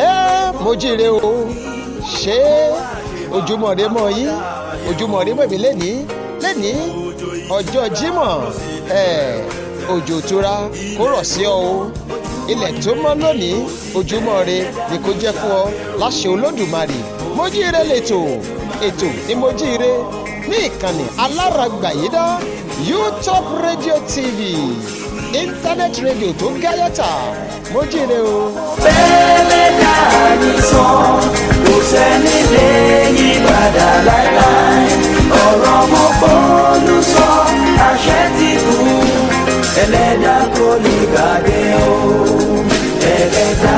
ẹ mo jíire o ṣé ojúmọ́ rẹ mọ́ yín ojúmọ́ rẹ mọ́ mi lẹ́nìí lẹ́nìí ọjọ́ jímọ̀ ẹ òjò tura kó rọ̀ sí ọ o ilẹ̀ tó mọ́ lónìí ojúmọ́ ni kò jẹ́ fún ọ láṣẹ olódùmarè mo jíire lẹ́tọ̀ ètò ni mo jíire ní ìkànnì aláràgbàyídá YouTube Radio TV internet radio tó ń gáyàtà mo jíire o. bẹ́ẹ̀ dá mi kò sẹ́ni lè yí láéláé ọ̀rọ̀ mo fọ́ọ́nù sọ àṣẹ ti kú ẹlẹ́dà kò ní gbàgbé o ẹlẹ́dà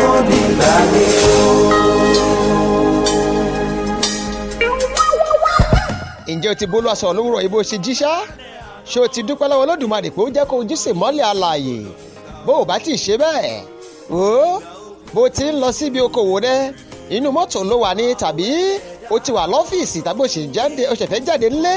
kò ní gbàgbé o. ǹjẹ́ o ti bólú aṣọ lówùrọ̀ ibo ṣe jíṣá ṣé o ti dúpẹ́ lọ́wọ́ olódùmarè pé ó jẹ́ kó ojú sì mọ́lẹ̀ alààyè bó o bá ti ṣe bẹ́ẹ̀ o bó ti ń lọ síbi okòwò rẹ inú mọ́tò ló wà ní tàbí o ti wà lọ́fíìsì tàbí o ṣẹ̀fẹ̀ jáde nílé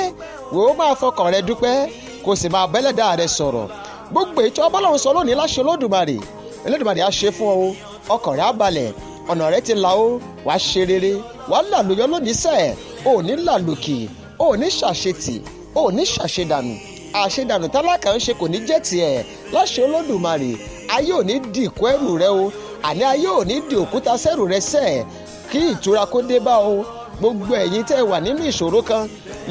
wò ó máa fọkàn rẹ dúpẹ́ kó o sì máa bẹ́lẹ̀dá rẹ sọ̀rọ̀ gbogbo ètò ọbọ̀lọ́run sọ lónìí láṣẹ olódùmarè olódùmarè á ṣe fún ọ ọkàn rẹ á balẹ̀ ọ̀nà rẹ ti là ó wàá ṣe rere wàá làlùyọ lónìí sẹ́ẹ̀ ò làlùkì ò ṣàṣetì ò ṣàṣedànù àṣedànù tálákà ń ṣe kò ní jẹ́ tiẹ̀ láṣẹ olódùmarè ayé ò ní di ìkó ẹrù rẹ o àní ayé ò ní di òkúta sẹ́rù rẹ sẹ́ kí ìtura kó dé bá o gbogbo ẹ̀yin tẹ́ wà nínú ìṣòro kan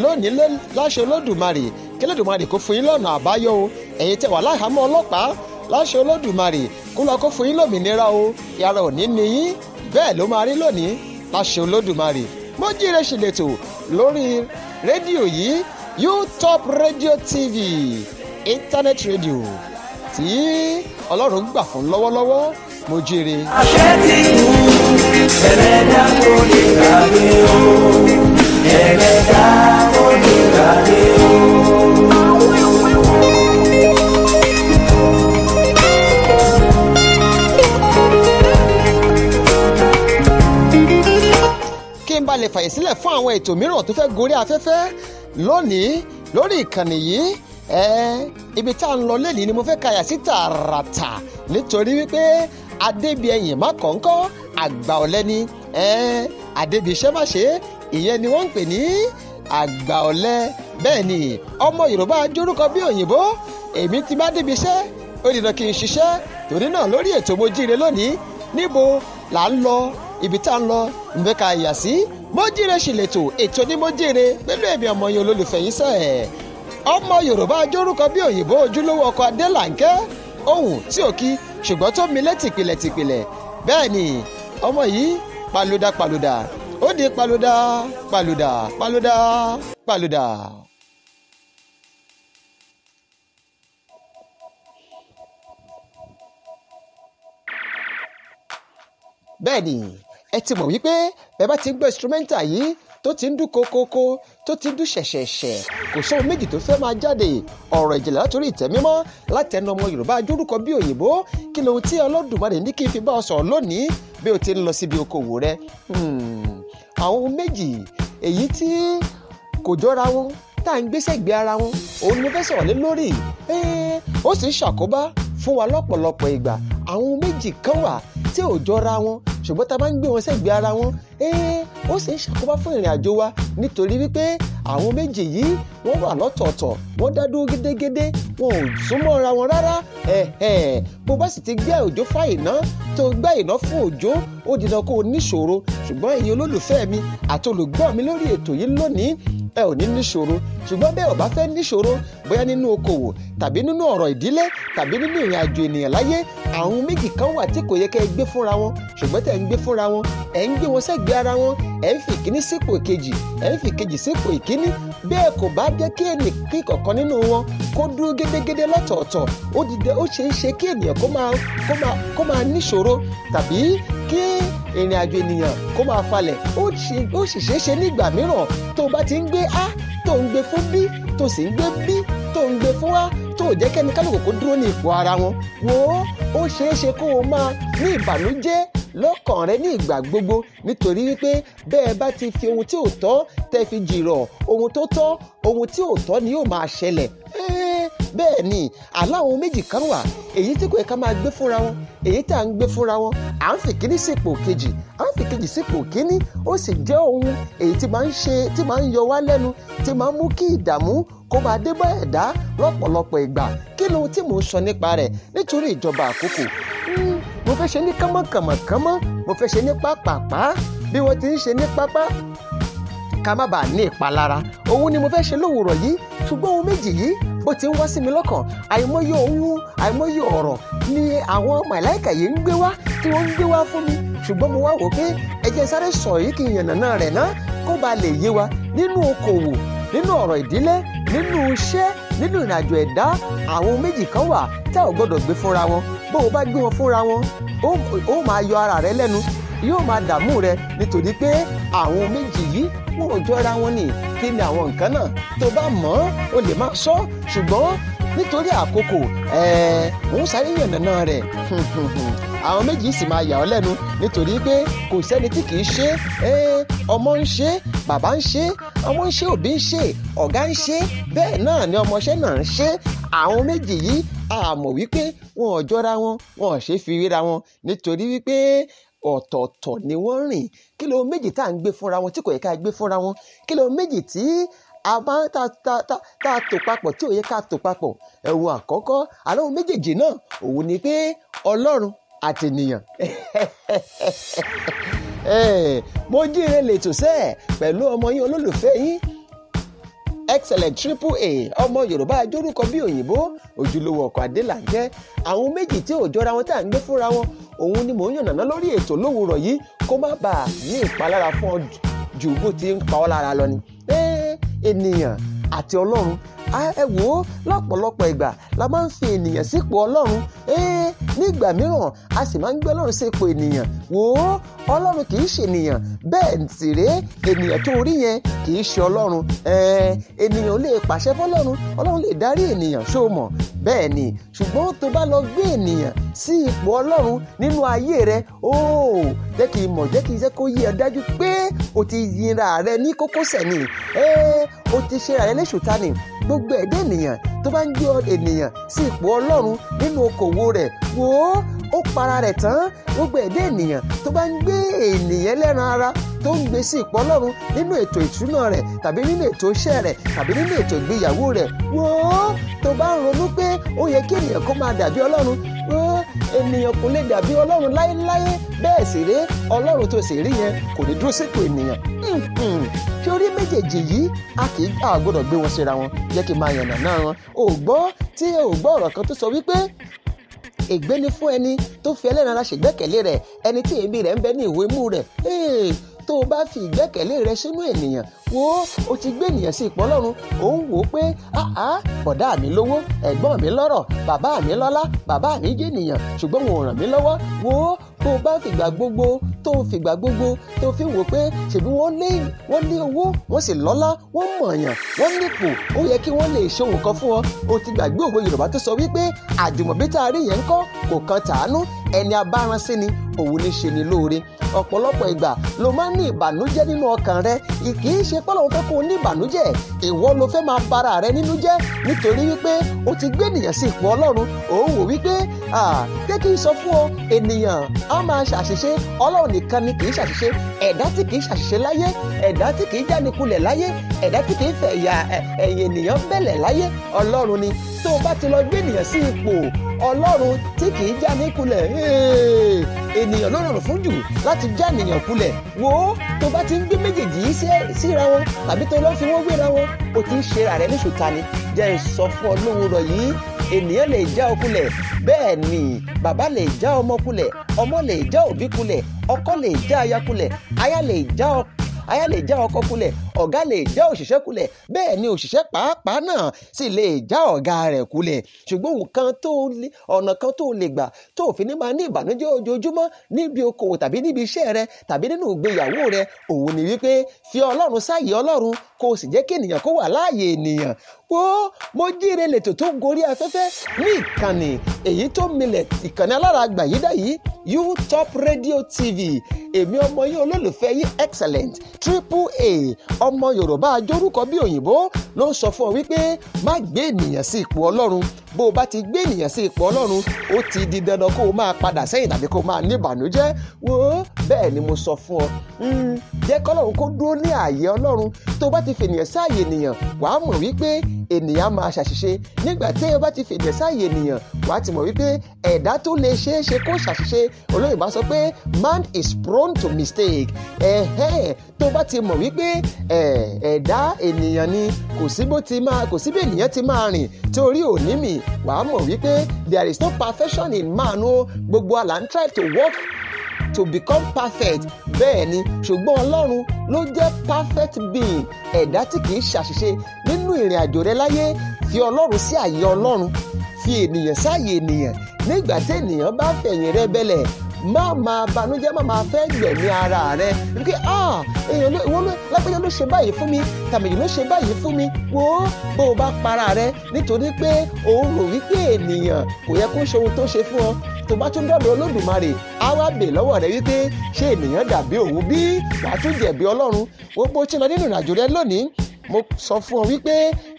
lónìí láṣẹ olódùmarè kí olódùmarè kó fún yín lọ́nà àbáyọ o ẹ̀yin tẹ́ wà láhàámọ́ ọlọ́pàá láṣẹ olódùmarè kó lọ kó fún yín lómìnira o yàrá òní ni yín bẹ́ẹ̀ ló máa rí lónìí láṣẹ olódùmarè Mójíire ṣì lè lórí rédíò yìí utop radio tv internet radio tí ọlọ́run gbà fún lọ́wọ́lọ́wọ́ mo jèrè. àṣẹ ti kú ẹlẹ́dá kò lè gbàgbé o ẹlẹ́dá kò lè gbàgbé o. kí n ba lè fàyè sílẹ̀ fún àwọn ètò mìíràn tó fẹ́ gorí afẹ́fẹ́ lónìí lórí ìkànnì yìí ibi tá à ń lọ lẹ́nìí ni mo fẹ́ kàyà sí tààràtà nítorí wípé adébíyẹyìn má kọ̀ọ̀kan àgbà ọ̀lẹ́ni adébíṣẹ́ má ṣe ìyẹn ni wọ́n ń pè ní àgbà ọ̀lẹ bẹ́ẹ̀ ni ọmọ yorùbá ajórúkọ bí òyìnbó èmi ti bá débi iṣẹ́ ó dìdàn kí n ṣiṣẹ́ torí náà lórí ètò mojíire lónìí níbo là ń lọ ibi tá à ń lọ ìbẹ́ ká yà sí mójìrè ṣìlẹ̀tò ètò ní mójìrè pẹ̀lú ẹ̀mí ọmọ yẹn olólùfẹ́ yín sẹ́ ẹ̀ ọmọ yorùbá ajórúkọ bí òyìnbó ojúlówó ọkọ adélànkẹ́ ohun tí ò kí ṣùgbọ́n tó mi létìpìlẹ̀ tìpìlẹ̀ bẹ́ẹ̀ ni ọmọ yìí paluda paluda ó di paluda paluda paluda paluda. bẹ́ẹ̀ ni ẹ ti mọ̀ wípé bẹ́ẹ̀ bá ti ń gbọ́ instrumental yìí tó ti ń dún kokoko tó ti ń dún ṣẹ̀ṣẹ̀ṣẹ̀ kò sóhun méjì tó fẹ́ máa jáde ọ̀rọ̀ ìjìnlẹ̀ látòrí ìtẹ̀mímọ́ látẹnu ọmọ Yorùbá ajórúkọ bí òyìnbó kí lohun tí Ọlọ́dùmarè ní kí n fi bá ọ sọ̀rọ̀ lónìí bí o ti ń lọ síbi okòwò rẹ hmm, àwọn ohun méjì èyí tí kò jọra wọn tá à ń gbé ara wọn òun ni fẹ́ sọ̀rọ̀ lé lórí ó sì ń ṣàkóbá fún wa lọ́pọ̀lọpọ̀ ìgbà àwọn ohun méjì kan wà tí ò jọra wọn ṣùgbọ́n tá a bá ń gbé wọn sẹ́gbẹ̀ẹ́ ara wọn ẹ́ẹ́ eh, ó sì ń ṣàkóbá fún ìrìn àjò wa nítorí wípé àwọn méjì yìí wọ́n wà lọ́tọ̀ọ̀tọ̀ wọ́n dá dúró gédégédé wọn ò súnmọ́ra wọn rárá ẹ̀hẹ̀n bó bá sì ti gbé òjò fáìná tó gbá ìná fún òjò ó di dandan kó o níṣòro ṣùgbọ́n ẹ̀yin olólùfẹ́ mi àti olùgbọ́ mi lórí ètò yìí lónìí ẹ ò ní níṣòro ṣùgbọ́n bẹ́ẹ̀ ò bá fẹ́ níṣòro bóyá nínú okòwò tàbí nínú ọ̀rọ̀ ìdílé tàbí nínú ìrìn àjò ènìyàn láyé àwọn méjì kan wà tí kò yẹ kẹ́ ẹ gbé fúnra wọn ṣùgbọ́n tẹ̀ ń gbé fúnra wọn ẹ̀ ń gbé wọn sẹ́gbẹ̀ẹ́ ara wọn ẹ̀ ń fi ìkíní sípò kejì ẹ̀ ń fi kejì sípò ìkíní bẹ́ẹ̀ kò bá jẹ́ kí ẹnì kí kọ̀ọ̀kan nínú wọn kó dúró gédégédé lọ́tọ̀ọ̀tọ̀ ó ti dẹ ó ṣeé ṣe kí ènìyàn kó máa kó máa kó máa níṣòro tàbí kí ìrìn àjò ènìyàn kó máa falẹ̀ ó sì ṣe nígbà mìíràn tó a tó ń gbé fún b tó sì jẹ́ kẹ́ni kálukú kó dúró ní ipò ara wọn wò ó ṣeé ṣe kó o máa ní ìbànújẹ́ lọ́kàn rẹ ní ìgbà gbogbo nítorí wípé bẹ́ẹ̀ bá ti fi ohun tí ò tọ́ tẹ́ fi jìrọ̀ ohun tó tọ́ ohun tí ò tọ́ ni yóò máa ṣẹlẹ̀ bẹ́ẹ̀ ni aláwọn méjì kan wà èyí tí kò yẹ ká máa gbé fúnra wọn èyí tá à ń gbé fúnra wọn à ń fi kíní sípò kejì à ń fi kejì sípò kíní ó sì jẹ́ ohun èyí tí máa ń ṣe tí máa ń yọ wá lẹ́nu tí máa ń mú kí ìdààmú kó máa dé bá ẹ̀dá lọ́pọ̀lọpọ̀ ìgbà kí ni ohun tí mò ń sọ nípa rẹ̀ nítorí ìjọba àkókò hmm, mo fẹ́ ṣe ní kánmọ́kànmọ́kánmọ́ mo fẹ́ ṣe ní pápápá bí wọ́n ti ń ṣe ní pápá ká má bàa ní ìpalára òun ni mo fẹ́ ṣe lówùrọ̀ yìí ṣùgbọ́n ohun méjì yìí bó ti ń wá sí mi lọ́kàn àìmọye òun àìmọye ọ̀rọ̀ ni àwọn màláìkà yìí ń gbé wá tí wọ́n ń gbé wá fún mi ṣùgbọ́n mo wá wò pé ẹ jẹ́ sáré sọ yìí kí n yànnàná rẹ̀ ná kó ba lè yé wa nínú okòwò nínú ọ̀rọ̀ ìdílé nínú iṣẹ́ nínú ìrìnàjò ẹ̀dá àwọn méjì kan wà tá ò gbọ́dọ̀ gbé fúnra wọn bó o bá gbé wọn fúnra wọn ó máa yọ ara rẹ lẹ́nu yóò máa dààmú rẹ nítorí pé àwọn méjì yìí wọn ò jọra wọn nìyí kí ni àwọn nǹkan náà tó bá mọ̀ ọ́ o lè má sọ ṣùgbọ́n nítorí àkókò ẹ̀ẹ́ eh, òun sáré yànnàná rẹ̀ àwọn méjì sì máa yà ọ́ lẹ́nu nítorí pé kò sẹ́ni tí kì í ṣe eh, ọmọ ń ṣe bàbá ń ṣe ọmọ ń ṣe òbí ń ṣe ọ̀gá ń ṣe bẹ́ẹ̀ náà ni ọmọọṣẹ́ náà ń ṣe àwọn méjì yìí àmọ̀ wípé wọn ò jọra wọn wọn ò ṣe fi ríra wọn nítorí wípé ọ̀tọ̀ọ̀tọ̀ ni wọ́n rìn kílò méjì tá à ń gbé fúnra wọn tí kò yẹ ká gbé fúnra wọn kílò méjì tí a bá tá tá tá tá a tò papọ̀ tí ò yẹ ká tò papọ̀ ẹ̀wọ̀n àkọ́kọ́ àlọ́ méjèèjì náà òun ni pé ọlọ́run àti ènìyàn mo jíire lè tò sẹ́ẹ̀ pẹ̀lú ọmọ yín olólùfẹ́ yín excellent triple a ọmọ yorùbá ajórúkọ bí òyìnbó ojúlówó ọkọ adélà jẹ́ àwọn méjì tí ò jọra wọn tá à ń gbé fúnra wọn òun ni mò ń yànnàná lórí ètò lówùúrọ̀ yìí kó má bàa ní ìpalára fún ọ jù bó ti ń pa ọ́ lára lọ ni. ènìyàn àti ọlọ́run ẹ wò ó lọ́pọ̀lọpọ̀ ìgbà la máa ń fi ènìyàn sípò ọlọ́run ee nígbà mìíràn a sì máa ń gbé ọlọ́run sípò ènìyàn wò ó ọlọ́run kì í ṣe ènìyàn bẹ́ẹ̀ sì rèé ènìyàn tó rí yẹn kì í ṣe ọlọ́run ènìyàn lè pàṣẹ fọlọ́run ọlọ́run lè darí ènìyàn ṣó mọ̀ bẹ́ẹ̀ ni ṣùgbọ́n tó bá lọ gbé ènìyàn sí ipò ọlọ́run nínú ayé rẹ óò jẹ́ kí n mọ̀ jẹ́ kí n jẹ́ kó yé ẹ dájú pé o ti yinra rẹ ní kókósẹ̀ ni o ti ṣe ra ni gbogbo ẹ̀dá ènìyàn tó bá ń gbé ènìyàn sí ipò ọlọ́run nínú okòwò rẹ̀ wò ó ó para rẹ̀ tán gbogbo ẹ̀dá ènìyàn tó bá ń gbé ènìyàn lẹ́ran ara tó ń gbé sí ipò ọlọ́run nínú ètò ìṣúná rẹ̀ tàbí nínú ètò iṣẹ́ rẹ̀ tàbí nínú ètò ìgbéyàwó rẹ̀ wò ó tó bá ń ronú pé ó yẹ kí ènìyàn kó máa dàbí ọlọ́run wò ènìyàn kò lè dàbí ọlọ́run láéláé bẹ́ẹ̀ sì ré ọlọ́run tó sì rí yẹn kò lè dúró sípò ènìyàn kí orí méjèèjì yìí a kì í a gbọ́dọ̀ gbé wọn síra wọn jẹ́ kí n máa yànnà náà wọn ò gbọ́ tí ò gbọ́ ọ̀rọ̀ kan tó sọ wípé ègbé ni fún ẹni tó fi ẹlẹ́ran ara ṣègbẹ́kẹ̀lé rẹ̀ ẹni tí èébì rẹ̀ ń bẹ ní ìwé mú rẹ̀ tó o bá fi ìgbẹ́kẹ̀lé rẹ sínú ènìyàn wo o ti gbé ènìyàn sí ipò ọlọ́run ò ń wò ó pé àá bọ̀dá mi lówó ẹ̀gbọ́n mi lọ́rọ̀ bàbá mi lọ́lá bàbá mi jẹ́ ènìyàn ṣùgbọ́n wọn ò ràn mí lọ́wọ́ wo tó o bá fìgbà gbogbo tó o fìgbà gbogbo tó o fi wò pé ṣèbí wọ́n lé wọ́n ní owó wọ́n sì lọ́lá wọ́n mọ̀ọ̀yàn wọ́n nípò ó yẹ kí wọ́n lè ṣòwò kan fún ọ o ti gbàgbé òwe Yorùbá tó sọ wípé àjùmọ̀bí tá a rí yẹn ń kọ́ kò kan tàánú ẹni abáransí ni òun ní ṣe ni lóore ọ̀pọ̀lọpọ̀ ìgbà ló máa ń ní ìbànújẹ́ nínú ọkàn rẹ kì í ṣe pọ́lọ́wọ́n fẹ́ kó o ní ìbànújẹ́ ìwọ ló fẹ́ máa bara rẹ nínú jẹ́ nítorí wípé o ti gbé ènìyàn sí ipò ọlọ́run òun wò wípé pé kí n sọ fún ọ ènìyàn á máa ṣàṣìṣe ọlọ́run nìkan ni kì í ṣàṣìṣe ẹ̀dá tí kì í ṣàṣìṣe láyé ẹ̀dá tí kì í jánikulẹ̀ láyé ẹ̀dá tí kì í fẹ̀yà ẹ̀yìn ènìyàn bẹ̀lẹ̀ láyé ọlọ́run ni tó o bá ti lọ gbé ènìyàn sí ipò ọlọ́run tí kì í já ní kulẹ̀ ènìyàn ló rọrùn fún jù láti já ènìyàn kulẹ̀ wò ó tó bá ti ń gbé méjèèjì yìí síra wọn tàbí tó lọ fi wọ́n gbéra wọn o ti ń ṣe ara rẹ níṣù ta ni jẹ́ sọ fún ọ lóhùn rọ̀ yìí ènìyàn lè já ọ kulẹ̀ bẹ́ẹ̀ ni bàbá lè já ọmọ kulẹ̀ ọmọ lè já òbí kulẹ̀ ọkọ lè já aya kulẹ̀ aya lè já ọkọ kulẹ̀ ọ̀gá lè já òṣìṣẹ́ kulẹ̀ bẹ́ẹ̀ ni òṣìṣẹ́ pàápàá náà sì lè já ọ̀gá rẹ̀ kulẹ̀ ṣùgbọ́n ọ̀nà kan tó lè gbà tó fi ní máa ní ìbànújẹ́ ojoojúmọ́ níbi okòwò tàbí níbi iṣẹ́ rẹ tàbí nínú ìgbéyàwó rẹ òun ni wípé fi ọlọ́run sáàyè ọlọ́run kó o sì jẹ́ kí ènìyàn kó wà láàyè ènìyàn wo mo jíire lètò tó ń gorí afẹ́fẹ́ ní ìkànnì èyí tó milẹ̀ ìkànnì alárágbà yìí yìí utop radio tv èmi ọmọ yín olólùfẹ́ yín excellent triple a ọmọ yorùbá ajórúkọ bí òyìnbó ló ń sọ fún ọ wípé má gbé ènìyàn sí ipò ọlọ́run bó o bá ti gbé ènìyàn sí ipò ọlọ́run ó ti di dandan kó o máa padà sẹ́yìn tàbí kó o máa ní ìbànújẹ́ wo bẹ́ẹ̀ ni mo sọ fún ọ hmm, jẹ́ kọ́lọ́run kó dúró ní ààyè ọlọ́run tó o bá ti fènìyàn sí ààyè ènìyàn wàá mọ̀ wípé ènìyàn máa ṣàṣìṣe nígbà tí o bá ti fènìyàn sáàyè ènìyàn wàá ti mọ̀ wípé ẹ̀dá tó lè ṣeé ṣe kó ṣàṣìṣe olóyìnbá sọ pé man is prone to mistake ẹ̀hẹ́ tó bá ti mọ̀ wípé ẹ̀dá ènìyàn ni kò sí bó ti máa kò sí bí ènìyàn ti máa rìn torí òní mi wàá mọ̀ wípé there is no perfection in man o gbogbo àlà ń try to work to become perfect bẹ́ẹ̀ ni ṣùgbọ́n ọlọ́run ló jẹ́ perfect being ẹ̀dá tí kìí ṣàṣìṣe nínú ìrìn àjò rẹ láyé fi ọlọ́run sí àyè ọlọ́run fi ènìyàn sáàyè ènìyàn nígbà tí ènìyàn bá fẹ̀yìn rẹ bẹ́lẹ̀ má máa banújẹ́ má máa fẹ́ gbẹ̀mí ara rẹ wípé ah èèyàn ló ìwọ lágbẹ́jọ́ ló ṣe báyìí fún mi tàmìjì ló ṣe báyìí fún mi wo bó o bá para rẹ nítorí pé òun rò wípé ènìyàn kò yẹ kó ṣe ohun tó ṣe fún ọ tó bá tún dọ̀dọ̀ olódùmarè á wá bè lọ́wọ́ rẹ wípé ṣé ènìyàn dàbí òun bí wàá tún jẹ̀bi ọlọ́run wọ́n bó ti lọ nínú ìrìnàjò rẹ lónìí mo sọ fún ọ wípé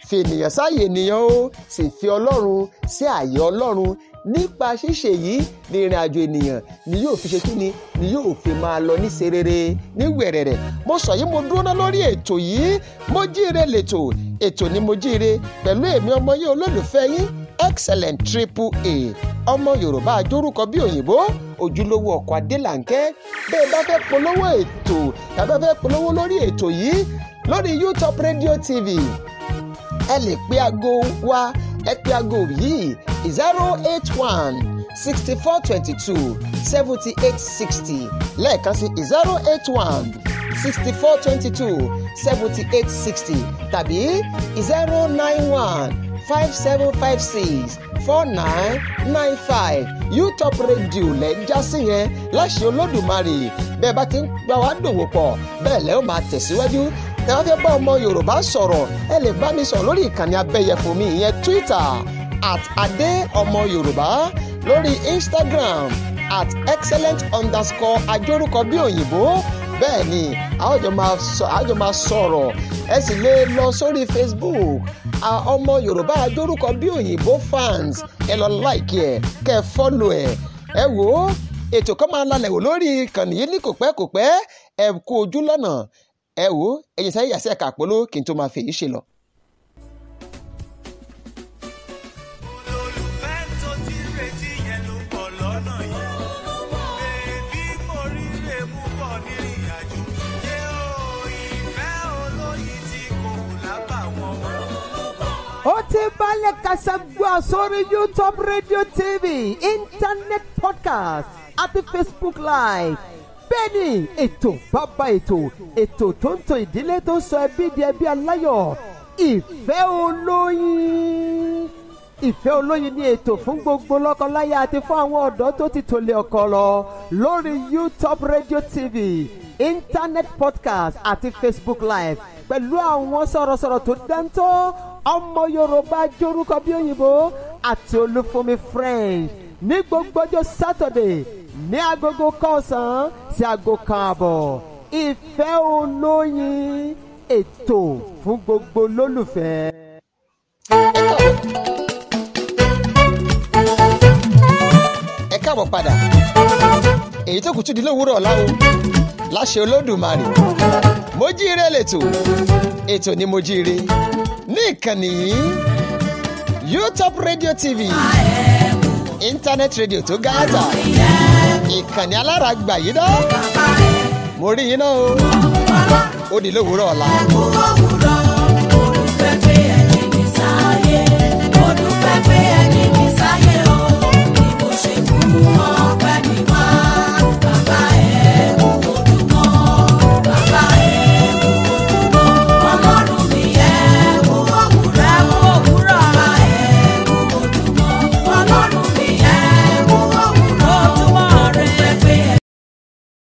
fènìyàn sáàyè ènìyàn o sì fi ọlọ́run sí àyè ọlọ́run nípa ṣíṣe yìí ní ìrìn àjò ènìyàn ni yóò fi ṣe kí ni ni yóò fi máa lọ ní serere ní wẹ̀rẹ̀rẹ̀ mo sọ yìí mo dúró lórí ètò yìí mo jíire lètò ètò ni mo jíire pẹ̀lú èmi ọmọ yìí olólùfẹ́ yín excellent triple a ọmọ yorùbá ajórúkọ bí òyìnbó ojúlówó ọkọ̀ adélànkẹ́ bẹ́ẹ̀ bá fẹ́ polówó ètò tàbí bá fẹ́ polówó lórí ètò yìí lórí YouTube Radio TV ẹ lè pe aago wa ẹ pe aago yìí zero eight one sixty four twenty two seventy eight sixty lẹ́ẹ̀kan sí zero eight one sixty four twenty two seventy eight sixty tàbí zero nine one five seven five six four nine nine five utop radio lẹ ń já sí yẹn láṣẹ olódùmarè bẹ́ẹ̀ bá ti ń gbà wá dòwò pọ̀ bẹ́ẹ̀ lẹ ó máa tẹ̀síwájú ẹ bá fẹ́ bá ọmọ yorùbá sọ̀rọ̀ ẹ lè bá mi sọ̀rọ̀ lórí ìkànnì abẹ́yẹfò mi ìyẹn twitter at adé ọmọ yorùbá lórí instagram at excellent underscore ajorúkọ bí òyìnbó bẹ́ẹ̀ ni àwọjọ máa sọ̀rọ̀ ẹ sì lè lọ sórí facebook ọmọ yorùbá ajorúkọ bí òyìnbó fans ẹ lọ like ẹ kẹ follow ẹ ẹ wò ó ètò kan máa lálẹ́ wò lórí ìkànnì yìí ní kò pẹ́ kò pẹ́ ẹ kú ojú lọ́nà ẹ wò ó ẹ jẹ́ sáré ẹ̀ka àpolówó kí n tó máa fèyí ṣe lọ. Otibale Kasagwa sórí YouTube Radio TV, internet podcast àti Facebook live bẹ́ẹ̀ni ètò bàbá ètò ètò tó ń tò ìdílé tó sọ ẹbí di ẹbí aláyọ̀ ìfẹ́ olóyin ìfẹ́ olóyin ní ètò fún gbogbo lọ́kọláya àti fún àwọn ọ̀dọ́ tó ti tòlé ọkọ lọ lórí YouTube Radio TV internet podcast àti Facebook live pẹ̀lú àwọn sọ̀rọ̀sọ̀rọ̀ tó dáńtọ́ ọmọ Yorùbá jórúkọ bí òyìnbó àti Olúfúnmi French ní gbogbo ọjọ́ Saturday ní agogo kọsàn-án sí aago kan àbọ̀ ìfẹ́ olóyin ètò fún gbogbo lólùfẹ́. ẹ káàbọ̀ padà èyí tó kù tún di lówùúrọ̀ ọ̀la láṣẹ olódùmarè mo lẹ́tọ̀ ètò ni mo ní ìkànnì yìí YouTube Radio TV internet radio tó gáàtà ìkànnì alárágbà yìí dá mo rí yín náà o ó di lówùúrọ̀ ọ̀la. mo dúpẹ́ pé ẹni ní sáyé mo pé ẹni.